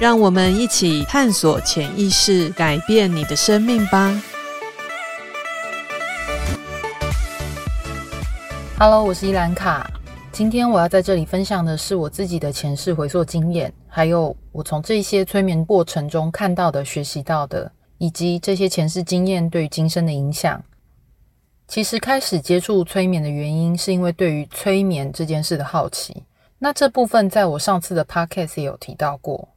讓我們一起探索潛意識，改變你的生命吧。Hello，我是伊蘭卡。今天我要在這裡分享的是我自己的前世回溯經驗，還有我從這些催眠過程中看到的學習到的，以及這些前世經驗對於今生的影響。其實開始接觸催眠的原因，是因為對於催眠這件事的好奇。那這部分在我上次的 podcast 也有提到過。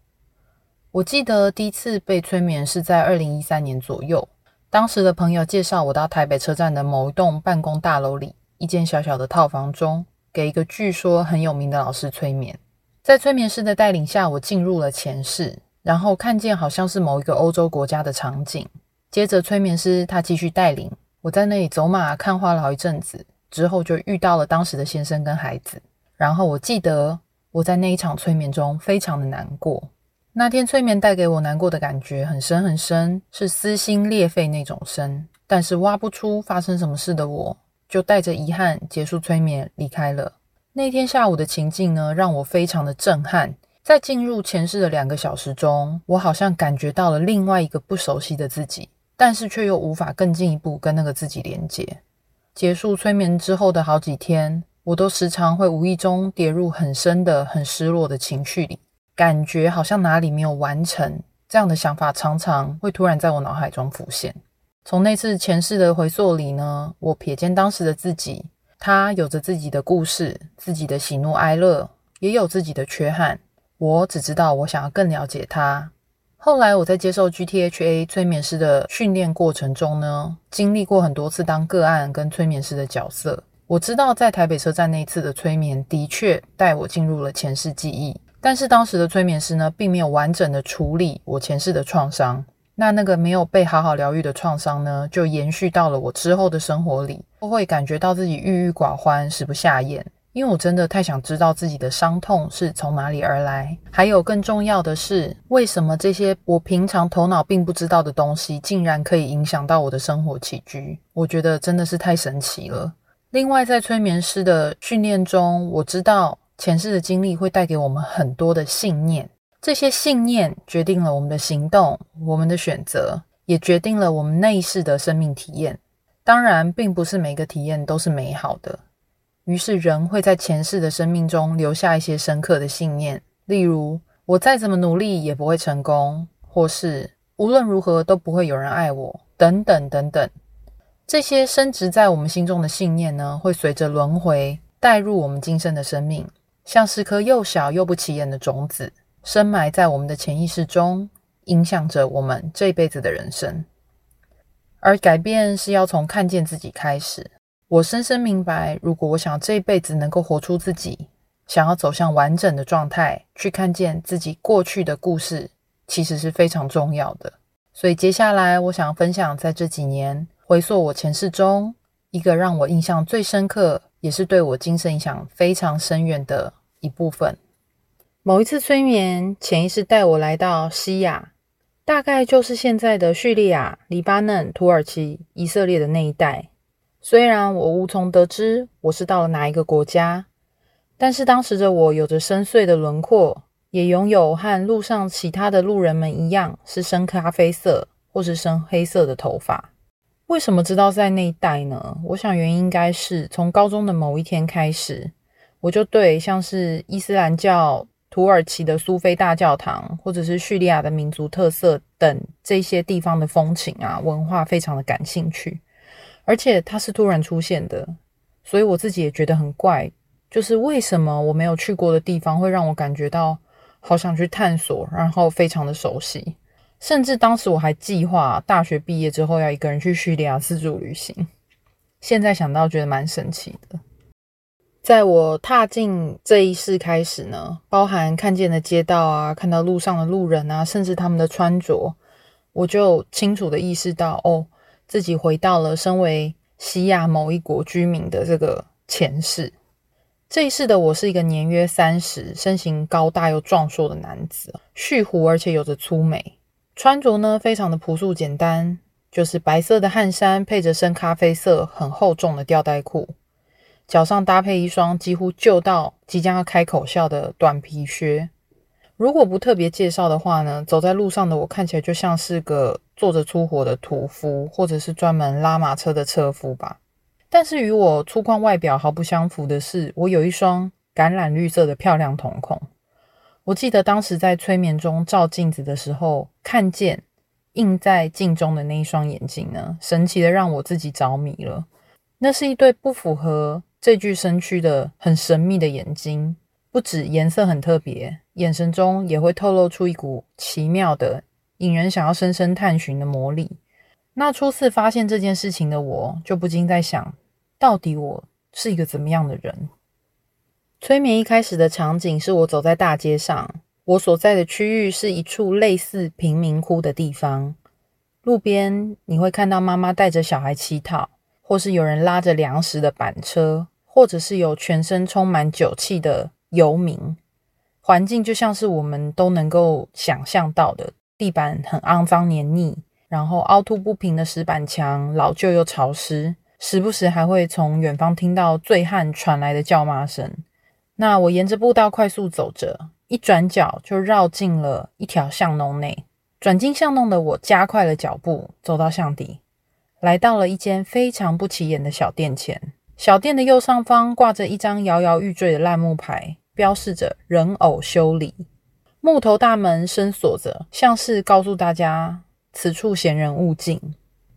我記得第一次被催眠是在二零一三年左右，當時的朋友介紹我到台北車站的某一棟辦公大樓裡一間小小的套房中，給一個據說很有名的老師催眠。在催眠師的帶領下，我進入了前世，然後看見好像是某一個歐洲國家的場景。接着，催眠師他繼續帶領我在那裡走馬看花了好一陣子，之後就遇到了當時的先生跟孩子。然後，我記得我在那一場催眠中非常的難過。那天催眠帶給我難過的感覺很深很深，是撕心裂肺那種深。但是挖不出發生什麼事的我，就帶着遺憾結束催眠離開了。那天下午的情境呢，讓我非常的震撼。在進入前世的兩個小時中，我好像感覺到了另外一個不熟悉的自己，但是卻又無法更進一步跟那個自己連接。結束催眠之後的好幾天，我都時常會無意中跌入很深的、很失落的情緒裡。感覺好像哪裡沒有完成，這樣的想法常常會突然在我腦海中浮現。從那次前世的回溯裡呢，我瞥見當時的自己，他有着自己的故事，自己的喜怒哀樂，也有自己的缺憾，我只知道我想要更了解他。後來我在接受 GTHA 催眠師的訓練過程中呢，經歷過很多次當個案跟催眠師的角色。我知道在台北車站那次的催眠，的確帶我進入了前世記憶。但是當時的催眠師呢，並沒有完整地處理我前世的創傷。那那個沒有被好好療癒的創傷呢，就延續到了我之後的生活裡，我會感覺到自己鬱鬱寡歡，食不下嚥。因為我真的太想知道自己的傷痛是從哪裡而來，還有更重要的是，為什麽這些我平常頭腦並不知道的東西，竟然可以影響到我的生活起居？我覺得真的是太神奇了。另外，在催眠師的訓練中，我知道。前世的經歷會帶給我們很多的信念，這些信念決定了我們的行動、我們的選擇，也決定了我們內世的生命體驗。當然，並不是每個體驗都是美好的。於是，人會在前世的生命中留下一些深刻的信念，例如“我再怎麼努力也不會成功”，或是“無論如何都不會有人愛我”等等等等。這些深植在我們心中的信念呢，會隨着輪回帶入我們今生的生命。像是顆又小又不起眼的種子，深埋在我們的潛意識中，影響着我們這輩子的人生。而改變是要從看見自己開始。我深深明白，如果我想這一輩子能夠活出自己，想要走向完整的狀態，去看見自己過去的故事，其實是非常重要的。所以接下來，我想要分享，在這幾年回溯我前世中，一個讓我印象最深刻，也是對我精神影響非常深遠的一部分。某一次催眠，潛意識帶我來到西亞，大概就是現在的敘利亞、黎巴嫩、土耳其、以色列的那一帶。雖然我無從得知我是到了哪一個國家，但是當時的我有着深邃的輪廓，也擁有和路上其他的路人們一樣，是深咖啡色或是深黑色的頭髮。為什麼知道在那一帶呢？我想原因應該是從高中的某一天開始，我就對像是伊斯蘭教、土耳其的蘇菲大教堂，或者是敘利亞的民族特色等這些地方的風情啊、文化非常的感興趣。而且它是突然出現的，所以我自己也覺得很怪，就是為什麼我沒有去過的地方會讓我感覺到好想去探索，然後非常的熟悉。甚至當時我還計劃大學畢業之後要一個人去敘利亞自助旅行，現在想到覺得蠻神奇的。在我踏進這一世開始呢，包含看見的街道啊，看到路上的路人啊，甚至他們的穿着，我就清楚的意識到哦，自己回到了身為西亞某一國居民的這個前世。這一世的我是一個年約三十、身形高大又壯碩的男子，蓄鬍，而且有着粗眉。穿着呢，非常的樸素簡單，就是白色的汗衫配着深咖啡色很厚重的吊帶褲，腳上搭配一雙幾乎舊到即將要開口笑的短皮靴。如果不特別介紹的話呢，走在路上的我看起來就像是個做著粗活的屠夫，或者是專門拉馬車的車夫吧。但是與我粗獷外表毫不相符的是，我有一雙橄欖綠色的漂亮瞳孔。我記得當時在催眠中照鏡子的時候，看見映在鏡中的那一雙眼睛呢，神奇的讓我自己着迷了。那是一對不符合這具身軀的很神秘的眼睛，不只顏色很特別，眼神中也會透露出一股奇妙的、引人想要深深探尋的魔力。那初次發現這件事情的我，就不禁在想，到底我是一個怎麼樣的人？催眠一開始的場景是我走在大街上，我所在的區域是一處類似貧民窟的地方。路邊你會看到媽媽帶着小孩乞討，或是有人拉着糧食的板車，或者是有全身充滿酒氣的游民。環境就像是我們都能夠想象到的，地板很骯髒黏膩，然後凹凸不平的石板牆老舊又潮濕，時不時還會從遠方聽到醉漢傳來的叫罵聲。那我沿着步道快速走着，一轉角就繞進了一條巷弄內。轉進巷弄的我加快了腳步，走到巷底，來到了一間非常不起眼的小店前。小店的右上方掛着一張搖搖欲墜的爛木牌，標示着“人偶修理”。木頭大門深鎖着，像是告訴大家此處閒人勿進。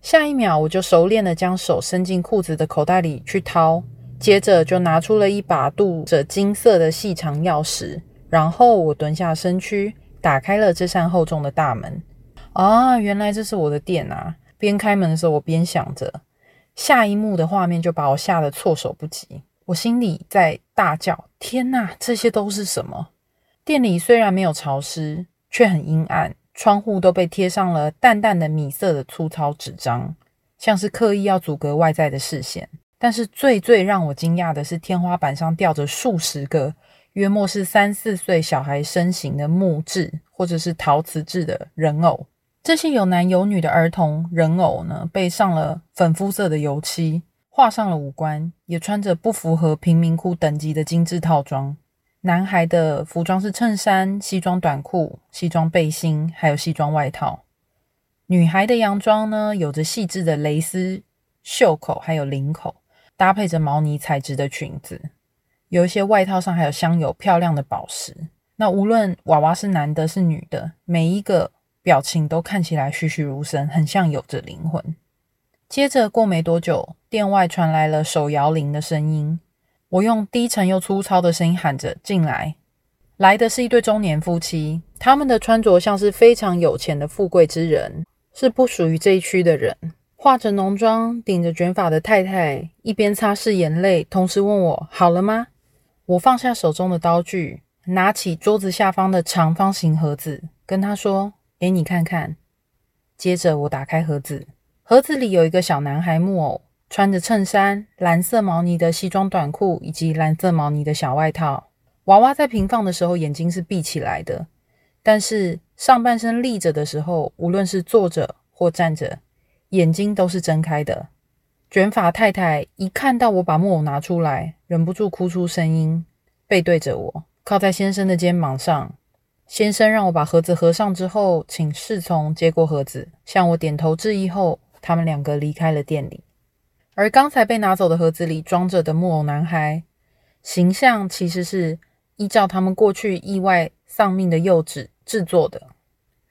下一秒，我就熟練地將手伸進褲子的口袋裡去掏。接着就拿出了一把鍍着金色的細長鑰匙，然後我蹲下身軀，打開了這扇厚重的大門。啊，原來這是我的店啊！邊開門的時候，我邊想着，下一幕的畫面就把我嚇得措手不及。我心裡在大叫：“天吶，這些都是什麼？”店裡雖然沒有潮濕，卻很陰暗，窗戶都被貼上了淡淡的米色的粗糙紙張，像是刻意要阻隔外在的視線。但是最最讓我驚訝的是，天花板上吊着數十個約莫是三四歲小孩身形的木製或者是陶瓷製的人偶。這些有男有女的兒童人偶呢，被上了粉膚色的油漆，畫上了五官，也穿着不符合貧民窟等級的精緻套裝。男孩的服裝是襯衫、西裝短褲、西裝背心，還有西裝外套。女孩的洋裝呢，有着細緻的蕾絲袖口，還有領口。搭配着毛呢材質的裙子，有一些外套上還有鑲有漂亮的寶石。那無論娃娃是男的，是女的，每一個表情都看起來栩栩如生，很像有着靈魂。接着過沒多久，店外傳來了手搖鈴的聲音。我用低沉又粗糙的聲音喊着：“進來！”來的是一對中年夫妻，他們的穿着像是非常有錢的富貴之人，是不屬於這一區的人。化着濃妝、頂着捲髮的太太一邊擦拭眼淚，同時問我：“好了嗎？”我放下手中的刀具，拿起桌子下方的長方形盒子，跟她說：“給你看看。”接着我打開盒子，盒子裡有一個小男孩木偶，穿着襯衫、藍色毛呢的西裝短褲以及藍色毛呢的小外套。娃娃在平放的時候眼睛是閉起來的，但是上半身立着的時候，無論是坐着或站着。眼睛都是睜開的，捲髮太太一看到我把木偶拿出來，忍不住哭出聲音，背對着我，靠在先生的肩膀上。先生讓我把盒子合上之後，請侍從接過盒子，向我點頭致意後，他們兩個離開了店裡。而剛才被拿走的盒子裡裝着的木偶男孩形象，其實是依照他們過去意外喪命的幼子製作的。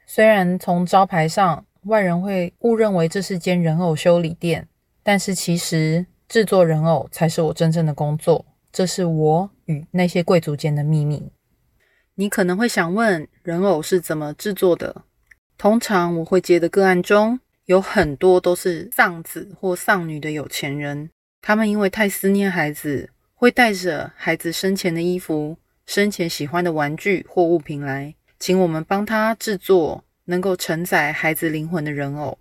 雖然從招牌上。外人會誤認為這是間人偶修理店，但是其實製作人偶才是我真正的工作，這是我與那些貴族間的秘密。你可能會想問，人偶是怎麼製作的？通常我會接的個案中，有很多都是喪子或喪女的有錢人，他們因為太思念孩子，會帶着孩子生前的衣服、生前喜歡的玩具或物品來，請我們幫他製作。能夠承載孩子靈魂的人偶，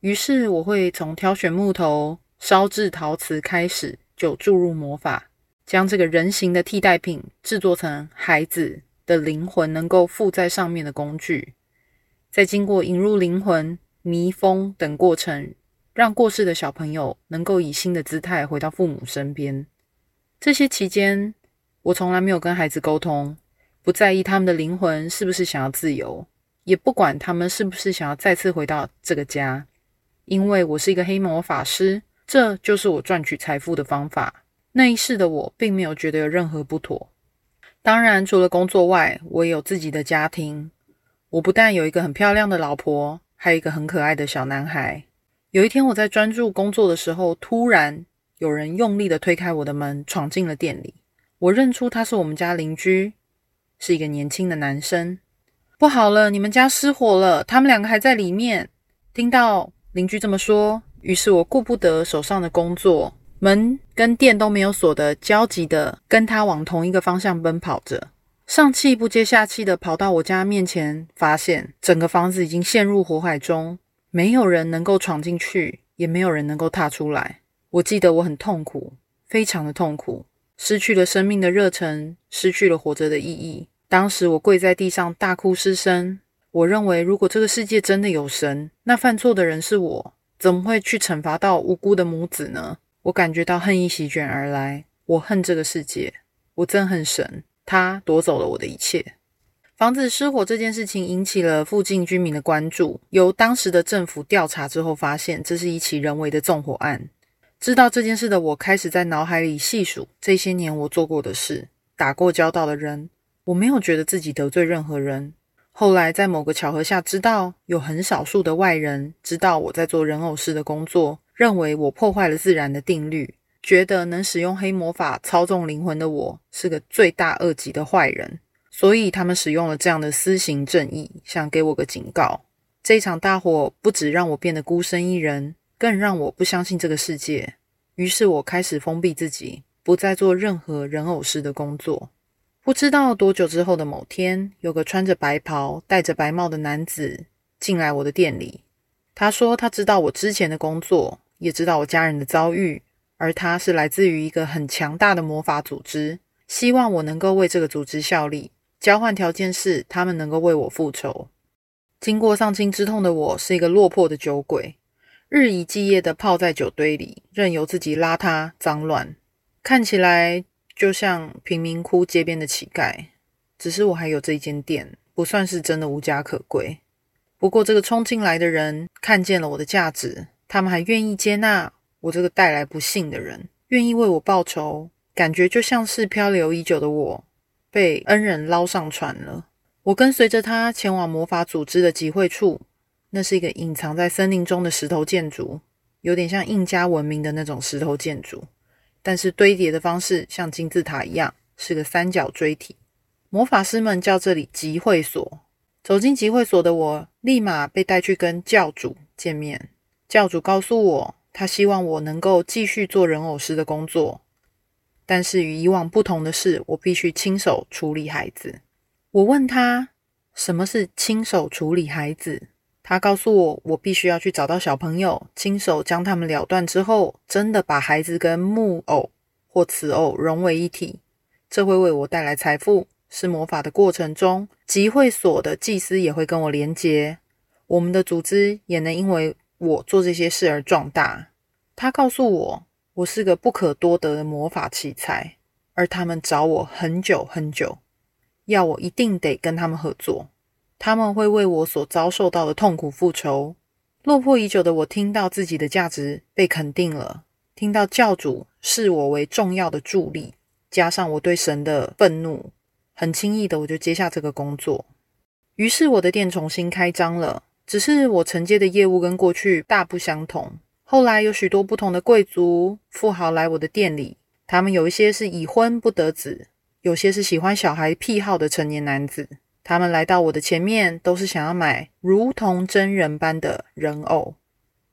於是我會從挑選木頭、燒制陶瓷開始，就注入魔法，將這個人形的替代品制作成孩子的靈魂能夠附在上面的工具。再經過引入靈魂、迷封等過程，讓過世的小朋友能夠以新的姿態回到父母身邊。這些期間，我從來沒有跟孩子溝通，不在意他們的靈魂是不是想要自由。也不管他們是不是想要再次回到這個家，因為我是一個黑魔法師，這就是我賺取財富的方法。那一世的我並沒有覺得有任何不妥。當然，除了工作外，我也有自己的家庭。我不但有一個很漂亮的老婆，還有一個很可愛的小男孩。有一天，我在專注工作的時候，突然有人用力地推開我的門，闖進了店裡。我認出他是我們家鄰居，是一個年輕的男生。不好了！你們家失火了，他們兩個還在裡面。聽到鄰居這麼說，於是我顧不得手上的工作，門跟電都沒有鎖的，焦急的跟他往同一個方向奔跑着，上氣不接下氣的跑到我家面前，發現整個房子已經陷入火海中，沒有人能夠闖進去，也沒有人能夠踏出來。我記得我很痛苦，非常的痛苦，失去了生命的熱忱，失去了活着的意義。當時我跪在地上大哭失聲。我認為，如果這個世界真的有神，那犯錯的人是我，怎麼會去懲罰到無辜的母子呢？我感覺到恨意席捲而來，我恨這個世界，我憎恨神，他奪走了我的一切。房子失火這件事情引起了附近居民的關注。由當時的政府調查之後，發現這是一起人為的縱火案。知道這件事的我，開始在腦海裡細數這些年我做過的事，打過交道的人。我沒有覺得自己得罪任何人。後來在某個巧合下，知道有很少數的外人知道我在做人偶師的工作，認為我破壞了自然的定律，覺得能使用黑魔法操縱靈魂的我是個罪大惡極的壞人，所以他們使用了這樣的私刑正義，想給我個警告。這一場大火不只讓我變得孤身一人，更讓我不相信這個世界。於是我開始封閉自己，不再做任何人偶師的工作。不知道多久之後的某天，有個穿着白袍、戴着白帽的男子進來我的店裡。他說他知道我之前的工作，也知道我家人的遭遇，而他是來自於一個很強大的魔法組織，希望我能夠為這個組織效力。交換條件是他們能夠為我復仇。經過喪親之痛的我，是一個落魄的酒鬼，日以繼夜地泡在酒堆裡，任由自己邋遢髒亂，看起來就像貧民窟街邊的乞丐，只是我還有這間店，不算是真的無家可歸。不過，這個衝進來的人看見了我的價值，他們還願意接納我這個帶來不幸的人，願意為我報仇。感覺就像是漂流已久的我被恩人撈上船了。我跟隨着他前往魔法組織的集會處，那是一個隱藏在森林中的石頭建築，有點像印加文明的那種石頭建築。但是堆疊的方式像金字塔一樣，是個三角錐體。魔法師們叫這裡集會所。走進集會所的我，立馬被帶去跟教主見面。教主告訴我，他希望我能夠繼續做人偶師的工作，但是與以往不同的是，我必須親手處理孩子。我問他，什麼是親手處理孩子？他告訴我，我必須要去找到小朋友，親手將他們了斷之後，真的把孩子跟木偶或瓷偶融為一體，這會為我帶來財富。是魔法的過程中，集會所的祭司也會跟我連結，我們的組織也能因為我做這些事而壯大。他告訴我，我是個不可多得的魔法奇才，而他們找我很久很久，要我一定得跟他們合作。他們會為我所遭受到的痛苦復仇。落魄已久的我，聽到自己的價值被肯定了，聽到教主視我為重要的助力，加上我對神的憤怒，很輕易的我就接下這個工作。於是我的店重新開張了，只是我承接的業務跟過去大不相同。後來有許多不同的貴族富豪來我的店裡，他們有一些是已婚不得子，有些是喜歡小孩癖好的成年男子。他們來到我的前面，都是想要買如同真人般的人偶。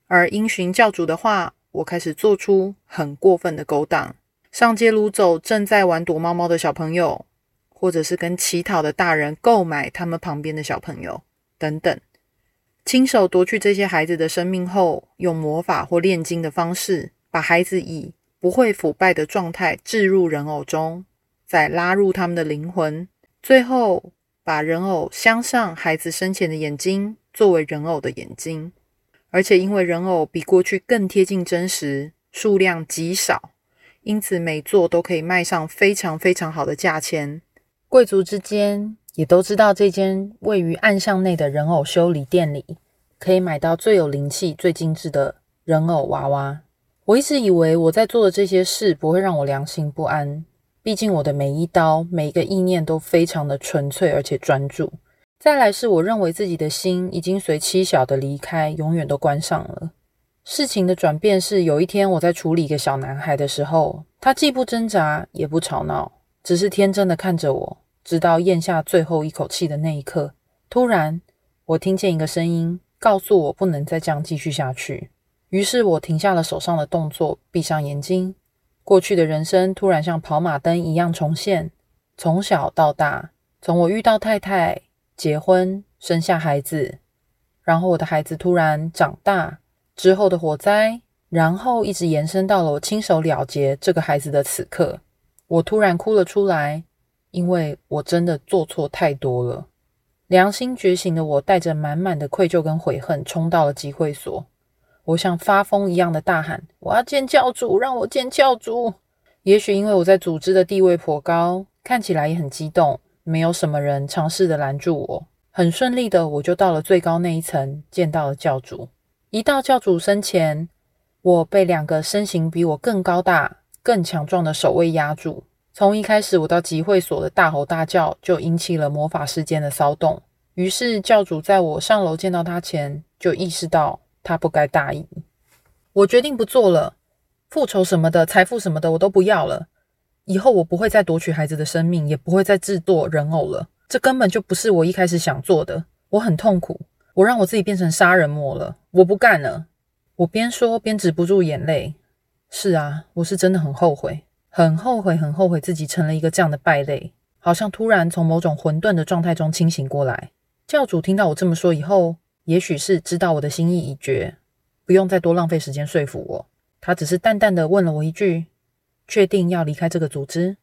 而因循教主的話，我開始做出很過分的勾當：上街擄走正在玩躲貓貓的小朋友，或者是跟乞討的大人購買他們旁邊的小朋友等等。親手奪去這些孩子的生命後，用魔法或煉金的方式，把孩子以不會腐敗的狀態置入人偶中，再拉入他們的靈魂。最後。把人偶鑲上孩子生前的眼睛作為人偶的眼睛，而且因為人偶比過去更貼近真實，數量極少，因此每座都可以賣上非常非常好的價錢。貴族之間也都知道這間位於暗巷內的人偶修理店裡，可以買到最有靈氣、最精緻的人偶娃娃。我一直以為我在做的這些事不會讓我良心不安。畢竟，我的每一刀、每一個意念都非常的純粹，而且專注。再來是，我認為自己的心已經隨妻小的離開，永遠都關上了。事情的轉變是，有一天我在處理一個小男孩的時候，他既不掙扎，也不吵鬧，只是天真的看着我，直到咽下最後一口氣的那一刻，突然，我聽見一個聲音告訴我不能再這樣繼續下去。於是，我停下了手上的動作，閉上眼睛。過去的人生突然像跑馬燈一樣重現，從小到大，從我遇到太太、結婚、生下孩子，然後我的孩子突然長大之後的火災，然後一直延伸到了我親手了結這個孩子的此刻，我突然哭了出來，因為我真的做錯太多了。良心覺醒的我，帶着滿滿的愧疚跟悔恨，衝到了集會所。我像發瘋一樣的大喊：“我要見教主！讓我見教主！”也許因為我在組織的地位頗高，看起來也很激動，沒有什麼人嘗試的攔住我。很順利的，我就到了最高那一層，見到了教主。一到教主身前，我被兩個身形比我更高大、更強壯的守衛壓住。從一開始我到集會所的大吼大叫，就引起了魔法師間的騷動。於是教主在我上樓見到他前，就意識到。他不該答應。我決定不做了，復仇什麼的，財富什麼的，我都不要了。以後我不會再奪取孩子的生命，也不會再制作人偶了。這根本就不是我一開始想做的。我很痛苦，我讓我自己變成殺人魔了。我不幹了。我邊說邊止不住眼淚。是啊，我是真的很後悔，很後悔，很後悔自己成了一個這樣的敗類。好像突然從某種混沌的狀態中清醒過來。教主聽到我這麼說以後。也許是知道我的心意已決，不用再多浪費時間說服我。他只是淡淡地問了我一句：“確定要離開這個組織？”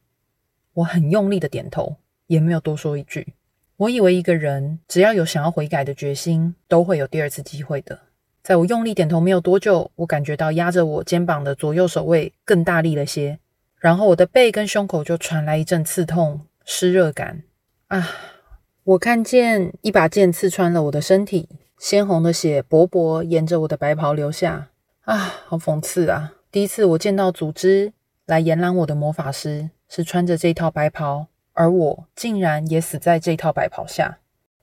我很用力地點頭，也沒有多說一句。我以為一個人只要有想要悔改的決心，都會有第二次機會的。在我用力點頭沒有多久，我感覺到壓着我肩膀的左右守衛更大力了些，然後我的背跟胸口就傳來一陣刺痛、濕熱感。啊！我看見一把劍刺穿了我的身體。鮮紅的血薄薄沿着我的白袍流下，啊，好諷刺啊！第一次我見到組織來延攬我的魔法師是穿着這一套白袍，而我竟然也死在這一套白袍下。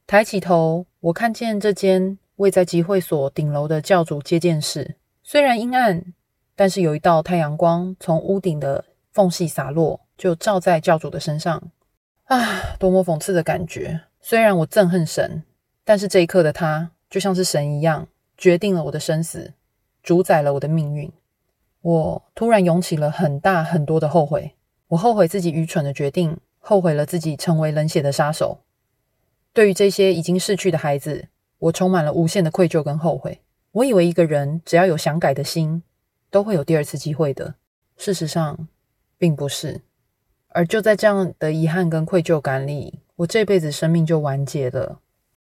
抬起頭，我看見這間位在集會所頂樓的教主接見室，雖然陰暗，但是有一道太陽光從屋頂的縫隙灑落，就照在教主的身上。啊，多麼諷刺的感覺！雖然我憎恨神，但是這一刻的他，就像是神一樣，決定了我的生死，主宰了我的命運。我突然湧起了很大很多的後悔，我後悔自己愚蠢的決定，後悔了自己成為冷血的殺手。對於這些已經逝去的孩子，我充滿了無限的愧疚跟後悔。我以為一個人只要有想改的心，都會有第二次機會的。事實上，並不是。而就在這樣的遺憾跟愧疚感裡，我這輩子生命就完結了。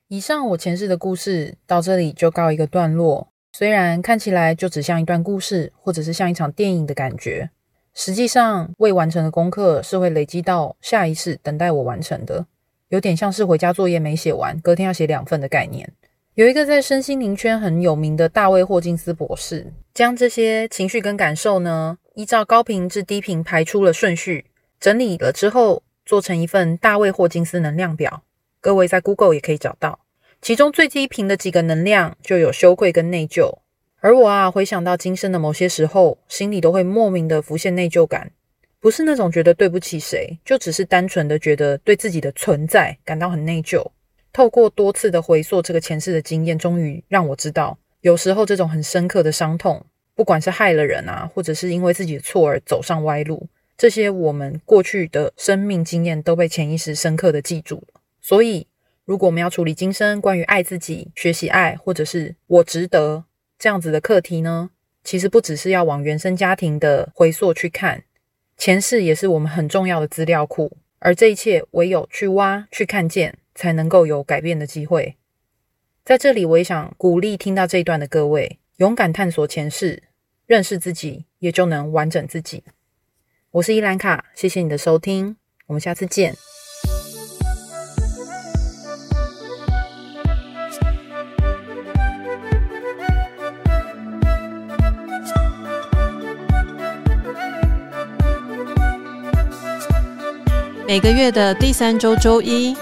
以上我前世的故事到這裡就告一個段落。雖然看起來就只像一段故事，或者是像一場電影的感覺，實際上未完成的功課是會累積到下一世等待我完成的，有點像是回家作業沒寫完，隔天要寫兩份的概念。有一個在身心靈圈很有名的大衛霍金斯博士，將這些情緒跟感受呢，依照高頻至低頻排出了順序，整理了之後做成一份大衛霍金斯能量表。各位在 Google 也可以找到，其中最低頻的幾個能量就有羞愧跟內疚。而我啊，回想到今生的某些時候，心裡都會莫名的浮現內疚感，不是那種覺得對不起誰，就只是單純的覺得對自己的存在感到很內疚。透過多次的回溯這個前世的經驗，終於讓我知道，有時候這種很深刻的傷痛，不管是害了人啊，或者是因為自己的錯而走上歪路，這些我們過去的生命經驗都被潛意識深刻的記住了。所以，如果我們要處理今生關於愛自己、學習愛，或者是我值得這樣子的課題呢，其實不只是要往原生家庭的回溯去看，前世也是我們很重要的資料庫。而這一切，唯有去挖、去看見，才能夠有改變的機會。在這裡，我也想鼓勵聽到這一段的各位，勇敢探索前世，認識自己，也就能完整自己。我是伊蘭卡，謝謝你的收聽，我們下次見。每個月的第三周週一，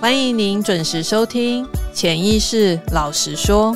歡迎您準時收聽《潛意識老實說》。